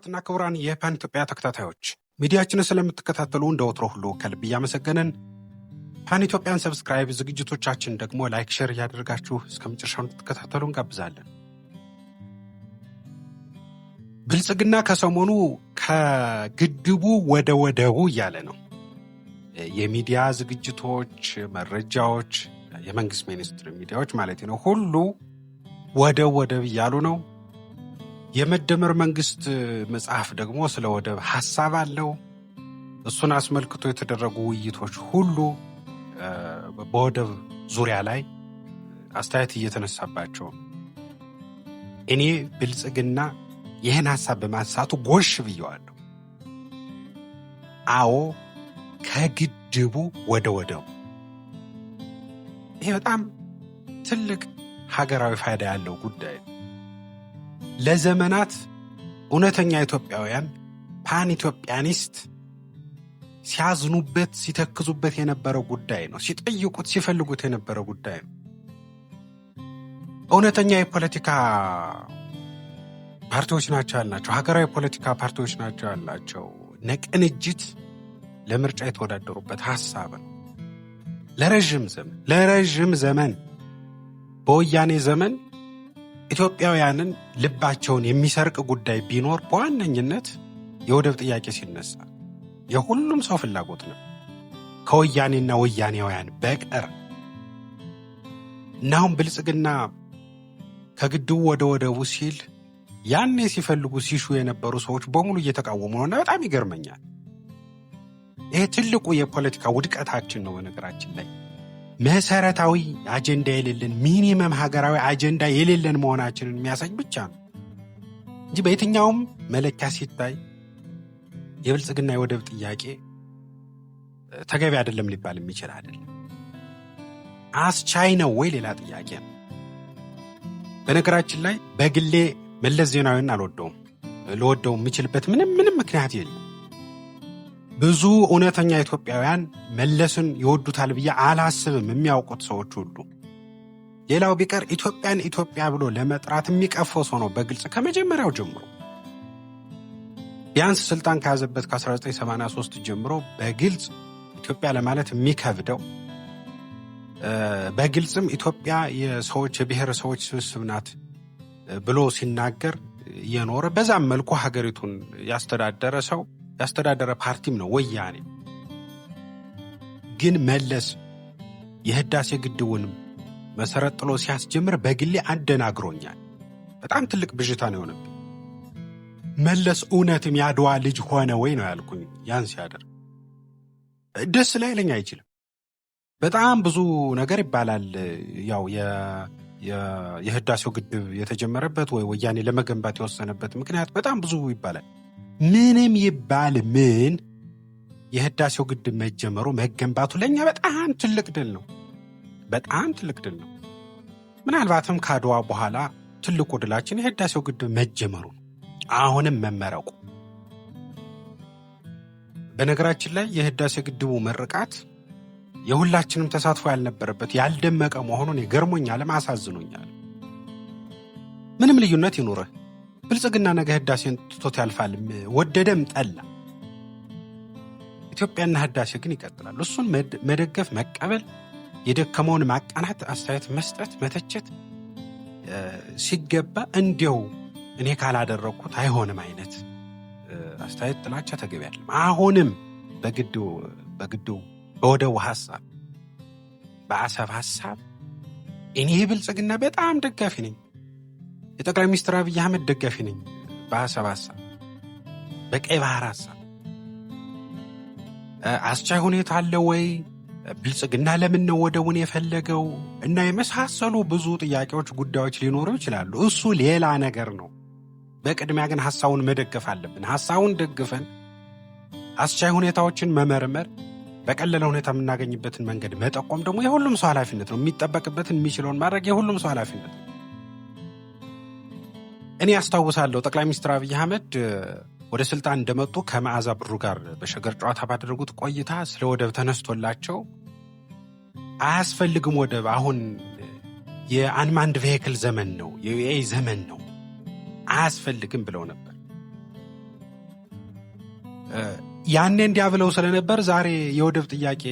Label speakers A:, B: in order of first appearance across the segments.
A: ክቡራትና ክቡራን የፓን ኢትዮጵያ ተከታታዮች ሚዲያችንን ስለምትከታተሉ እንደ ወትሮ ሁሉ ከልብ እያመሰገንን ፓን ኢትዮጵያን ሰብስክራይብ፣ ዝግጅቶቻችን ደግሞ ላይክ፣ ሼር እያደረጋችሁ እስከ መጨረሻው እንድትከታተሉ እንጋብዛለን። ብልጽግና ከሰሞኑ ከግድቡ ወደ ወደቡ እያለ ነው። የሚዲያ ዝግጅቶች፣ መረጃዎች፣ የመንግስት ሚኒስትር ሚዲያዎች ማለት ነው ሁሉ ወደብ ወደብ እያሉ ነው። የመደመር መንግስት መጽሐፍ ደግሞ ስለ ወደብ ሀሳብ አለው። እሱን አስመልክቶ የተደረጉ ውይይቶች ሁሉ በወደብ ዙሪያ ላይ አስተያየት እየተነሳባቸው እኔ ብልጽግና ይህን ሀሳብ በማንሳቱ ጎሽ ብየዋለሁ። አዎ ከግድቡ ወደ ወደቡ ይሄ በጣም ትልቅ ሀገራዊ ፋይዳ ያለው ጉዳይ ነው። ለዘመናት እውነተኛ ኢትዮጵያውያን ፓን ኢትዮጵያኒስት ሲያዝኑበት ሲተክዙበት የነበረው ጉዳይ ነው። ሲጠይቁት ሲፈልጉት የነበረው ጉዳይ ነው። እውነተኛ የፖለቲካ ፓርቲዎች ናቸው አላቸው ሀገራዊ የፖለቲካ ፓርቲዎች ናቸው ያላቸው ነቅንጅት ለምርጫ የተወዳደሩበት ሀሳብ ነው። ለረዥም ዘመን ለረዥም ዘመን በወያኔ ዘመን ኢትዮጵያውያንን ልባቸውን የሚሰርቅ ጉዳይ ቢኖር በዋነኝነት የወደብ ጥያቄ ሲነሳ የሁሉም ሰው ፍላጎት ነው፣ ከወያኔና ወያኔውያን በቀር እና ብልጽግና ከግድቡ ወደ ወደቡ ሲል ያኔ ሲፈልጉ ሲሹ የነበሩ ሰዎች በሙሉ እየተቃወሙ ነውና በጣም ይገርመኛል። ይሄ ትልቁ የፖለቲካ ውድቀታችን ነው በነገራችን ላይ መሰረታዊ አጀንዳ የሌለን ሚኒመም ሀገራዊ አጀንዳ የሌለን መሆናችንን የሚያሳይ ብቻ ነው እንጂ በየትኛውም መለኪያ ሲታይ የብልጽግና የወደብ ጥያቄ ተገቢ አይደለም ሊባል የሚችል አይደለም። አስቻይ ነው ወይ ሌላ ጥያቄ ነው። በነገራችን ላይ በግሌ መለስ ዜናዊን አልወደውም። ልወደው የሚችልበት ምንም ምንም ምክንያት የለም። ብዙ እውነተኛ ኢትዮጵያውያን መለስን ይወዱታል ብዬ አላስብም። የሚያውቁት ሰዎች ሁሉ ሌላው ቢቀር ኢትዮጵያን ኢትዮጵያ ብሎ ለመጥራት የሚቀፈው ሰው ነው በግልጽ ከመጀመሪያው ጀምሮ ቢያንስ ስልጣን ከያዘበት ከ1983 ጀምሮ በግልጽ ኢትዮጵያ ለማለት የሚከብደው በግልጽም ኢትዮጵያ የሰዎች የብሔረሰቦች ስብስብ ናት ብሎ ሲናገር የኖረ በዛም መልኩ ሀገሪቱን ያስተዳደረ ሰው ያስተዳደረ ፓርቲም ነው ወያኔ። ግን መለስ የህዳሴ ግድቡን መሰረት ጥሎ ሲያስጀምር በግሌ አደናግሮኛል። በጣም ትልቅ ብዥታ ነው የሆነብኝ። መለስ እውነትም ያድዋ ልጅ ሆነ ወይ ነው ያልኩኝ። ያን ሲያደርግ ደስ ለኝ አይችልም። በጣም ብዙ ነገር ይባላል። ያው የህዳሴው ግድብ የተጀመረበት ወይ ወያኔ ለመገንባት የወሰነበት ምክንያት በጣም ብዙ ይባላል። ምንም ይባል ምን የህዳሴው ግድብ መጀመሩ መገንባቱ ለእኛ በጣም ትልቅ ድል ነው። በጣም ትልቅ ድል ነው። ምናልባትም ከአድዋ በኋላ ትልቁ ድላችን የህዳሴው ግድብ መጀመሩ ነው። አሁንም መመረቁ። በነገራችን ላይ የህዳሴ ግድቡ መርቃት የሁላችንም ተሳትፎ ያልነበረበት ያልደመቀ መሆኑን የገርሞኛልም አሳዝኖኛል። ምንም ልዩነት ይኑርህ ብልጽግና ነገ ህዳሴን ትቶት ያልፋልም ወደደም ጠላ። ኢትዮጵያና ህዳሴ ግን ይቀጥላሉ። እሱን መደገፍ፣ መቀበል፣ የደከመውን ማቃናት፣ አስተያየት መስጠት፣ መተቸት ሲገባ እንዲው እኔ ካላደረግኩት አይሆንም አይነት አስተያየት፣ ጥላቻ ተገቢ አይደለም። አሁንም በግድቡ በወደው ሀሳብ በአሰብ ሀሳብ እኔ ብልጽግና በጣም ደጋፊ ነኝ። የጠቅላይ ሚኒስትር አብይ አህመድ ደጋፊ ነኝ በሀሳብ ሀሳብ በቀይ ባህር ሀሳብ አስቻይ ሁኔታ አለ ወይ? ብልጽግና ለምን ነው ወደቡን የፈለገው? እና የመሳሰሉ ብዙ ጥያቄዎች፣ ጉዳዮች ሊኖሩ ይችላሉ። እሱ ሌላ ነገር ነው። በቅድሚያ ግን ሀሳቡን መደገፍ አለብን። ሀሳቡን ደግፈን አስቻይ ሁኔታዎችን መመርመር፣ በቀለለ ሁኔታ የምናገኝበትን መንገድ መጠቆም ደግሞ የሁሉም ሰው ኃላፊነት ነው። የሚጠበቅበትን የሚችለውን ማድረግ የሁሉም ሰው ኃላፊነት ነው። እኔ ያስታውሳለሁ ጠቅላይ ሚኒስትር አብይ አህመድ ወደ ስልጣን እንደመጡ ከመዓዛ ብሩ ጋር በሸገር ጨዋታ ባደረጉት ቆይታ ስለ ወደብ ተነስቶላቸው አያስፈልግም ወደብ አሁን የአንማንድ ቬክል ዘመን ነው፣ የዩኤ ዘመን ነው፣ አያስፈልግም ብለው ነበር። ያኔ እንዲያ ብለው ስለነበር ዛሬ የወደብ ጥያቄ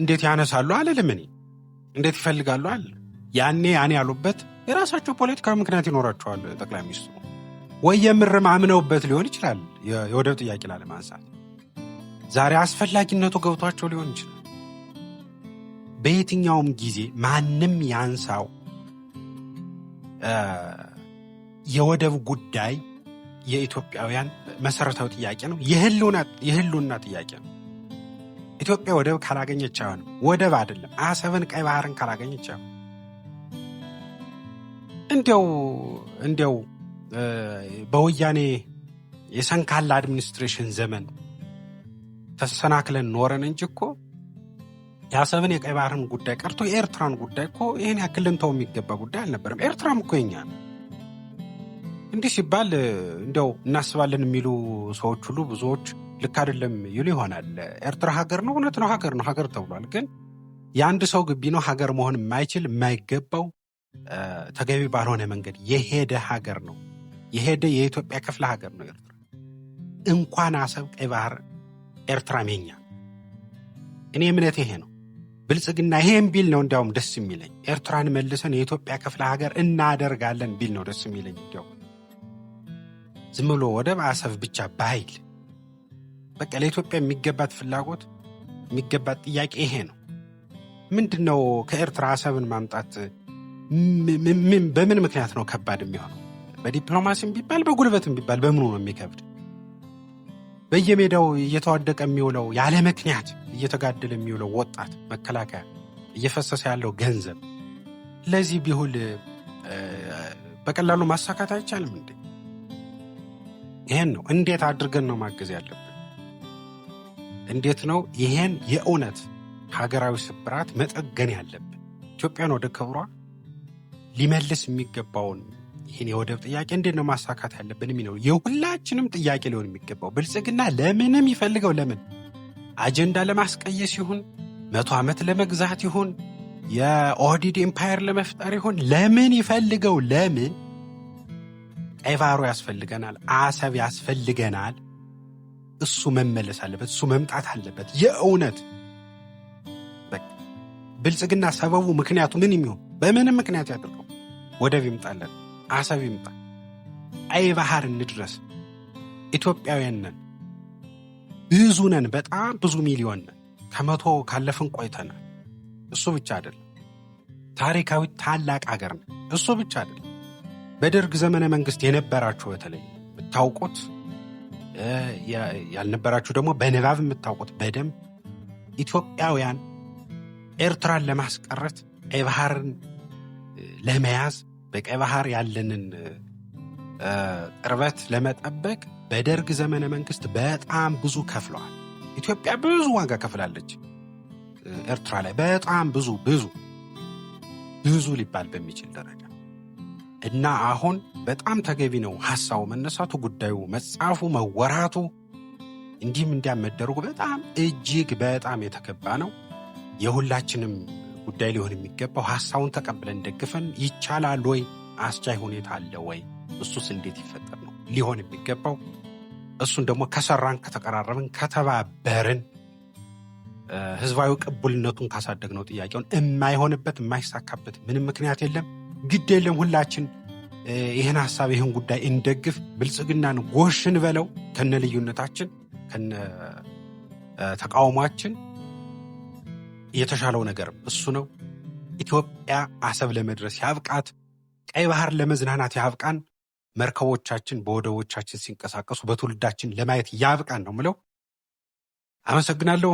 A: እንዴት ያነሳሉ አለልምኔ እንዴት ይፈልጋሉ አለ ያኔ ያኔ ያሉበት የራሳቸው ፖለቲካዊ ምክንያት ይኖራቸዋል። ጠቅላይ ሚኒስትሩ ወይ የምርም አምነውበት ሊሆን ይችላል የወደብ ጥያቄ ላለማንሳት ዛሬ አስፈላጊነቱ ገብቷቸው ሊሆን ይችላል። በየትኛውም ጊዜ ማንም ያንሳው የወደብ ጉዳይ የኢትዮጵያውያን መሰረታዊ ጥያቄ ነው። የህልውና ጥያቄ ነው። ኢትዮጵያ ወደብ ካላገኘች አይሆንም። ወደብ አይደለም አሰብን፣ ቀይ ባህርን ካላገኘች አይሆንም። እንዲያው እንዲያው በወያኔ የሰንካላ አድሚኒስትሬሽን ዘመን ተሰናክለን ኖረን እንጂ እኮ የአሰብን የቀይ ባህርን ጉዳይ ቀርቶ የኤርትራን ጉዳይ እኮ ይህን ያክል ልንተው የሚገባ ጉዳይ አልነበረም። ኤርትራም እኮ የኛ ነው። እንዲህ ሲባል እንዲያው እናስባለን የሚሉ ሰዎች ሁሉ ብዙዎች ልክ አይደለም ይሉ ይሆናል። ኤርትራ ሀገር ነው፣ እውነት ነው፣ ሀገር ነው፣ ሀገር ተብሏል። ግን የአንድ ሰው ግቢ ነው ሀገር መሆን የማይችል የማይገባው ተገቢ ባልሆነ መንገድ የሄደ ሀገር ነው። የሄደ የኢትዮጵያ ክፍለ ሀገር ነው ኤርትራ። እንኳን አሰብ፣ ቀይ ባህር ኤርትራ የኛ። እኔ እምነት ይሄ ነው። ብልጽግና ይሄም ቢል ነው እንዲያውም ደስ የሚለኝ። ኤርትራን መልሰን የኢትዮጵያ ክፍለ ሀገር እናደርጋለን ቢል ነው ደስ የሚለኝ። እንዲያው ዝም ብሎ ወደብ አሰብ ብቻ ባይል በቃ ለኢትዮጵያ የሚገባት ፍላጎት የሚገባት ጥያቄ ይሄ ነው። ምንድን ነው ከኤርትራ አሰብን ማምጣት በምን ምክንያት ነው ከባድ የሚሆነው? በዲፕሎማሲም ቢባል በጉልበትም ቢባል በምኑ ነው የሚከብድ? በየሜዳው እየተዋደቀ የሚውለው ያለ ምክንያት እየተጋደለ የሚውለው ወጣት መከላከያ እየፈሰሰ ያለው ገንዘብ ለዚህ ቢውል በቀላሉ ማሳካት አይቻልም እንዴ? ይሄን ነው እንዴት አድርገን ነው ማገዝ ያለብን? እንዴት ነው ይሄን የእውነት ሀገራዊ ስብራት መጠገን ያለብን? ኢትዮጵያን ወደ ክብሯ ሊመልስ የሚገባውን ይህን የወደብ ጥያቄ እንዴት ነው ማሳካት ያለብን የሚለው የሁላችንም ጥያቄ ሊሆን የሚገባው ብልጽግና ለምንም ይፈልገው ለምን አጀንዳ ለማስቀየስ ይሁን መቶ ዓመት ለመግዛት ይሁን የኦህዲድ ኤምፓየር ለመፍጠር ይሁን ለምን ይፈልገው ለምን ቀይ ባህሩ ያስፈልገናል፣ አሰብ ያስፈልገናል። እሱ መመለስ አለበት፣ እሱ መምጣት አለበት። የእውነት ብልጽግና ሰበቡ ምክንያቱ ምን የሚሆን በምንም ምክንያት ያደርገው ወደብ ይምጣለን፣ አሰብ ይምጣ፣ ቀይ ባህር እንድረስ። ኢትዮጵያውያን ነን፣ ብዙ ነን፣ በጣም ብዙ ሚሊዮን ነን። ከመቶ ካለፍን ቆይተናል። እሱ ብቻ አይደለም፣ ታሪካዊ ታላቅ አገር ነን። እሱ ብቻ አይደለም፣ በደርግ ዘመነ መንግስት የነበራችሁ በተለይ የምታውቁት ያልነበራችሁ ደግሞ በንባብ የምታውቁት በደንብ ኢትዮጵያውያን ኤርትራን ለማስቀረት ቀይ ለመያዝ በቀይ ባህር ያለንን ቅርበት ለመጠበቅ በደርግ ዘመነ መንግስት በጣም ብዙ ከፍለዋል። ኢትዮጵያ ብዙ ዋጋ ከፍላለች። ኤርትራ ላይ በጣም ብዙ ብዙ ብዙ ሊባል በሚችል ደረጃ እና አሁን በጣም ተገቢ ነው ሀሳቡ መነሳቱ፣ ጉዳዩ መጻፉ፣ መወራቱ እንዲህም እንዲያም መደረጉ በጣም እጅግ በጣም የተገባ ነው የሁላችንም ጉዳይ ሊሆን የሚገባው ሐሳቡን ተቀብለን ደግፈን ይቻላል ወይ፣ አስቻይ ሁኔታ አለ ወይ፣ እሱስ እንዴት ይፈጠር ነው ሊሆን የሚገባው። እሱን ደግሞ ከሰራን፣ ከተቀራረብን፣ ከተባበርን ህዝባዊ ቅቡልነቱን ካሳደግነው ጥያቄውን የማይሆንበት የማይሳካበት ምንም ምክንያት የለም። ግድ የለም ሁላችን ይህን ሀሳብ ይህን ጉዳይ እንደግፍ፣ ብልጽግናን ጎሽን በለው ከነ ልዩነታችን ከነ ተቃውሟችን የተሻለው ነገር እሱ ነው። ኢትዮጵያ አሰብ ለመድረስ ያብቃት፣ ቀይ ባህር ለመዝናናት ያብቃን፣ መርከቦቻችን በወደቦቻችን ሲንቀሳቀሱ በትውልዳችን ለማየት ያብቃን ነው ምለው። አመሰግናለሁ።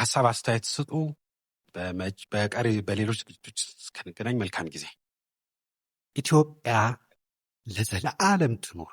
A: ሀሳብ አስተያየት ስጡ። በቀሪ በሌሎች ዝግጅቶች እስከንገናኝ መልካም ጊዜ። ኢትዮጵያ ለዘለዓለም ትኖር።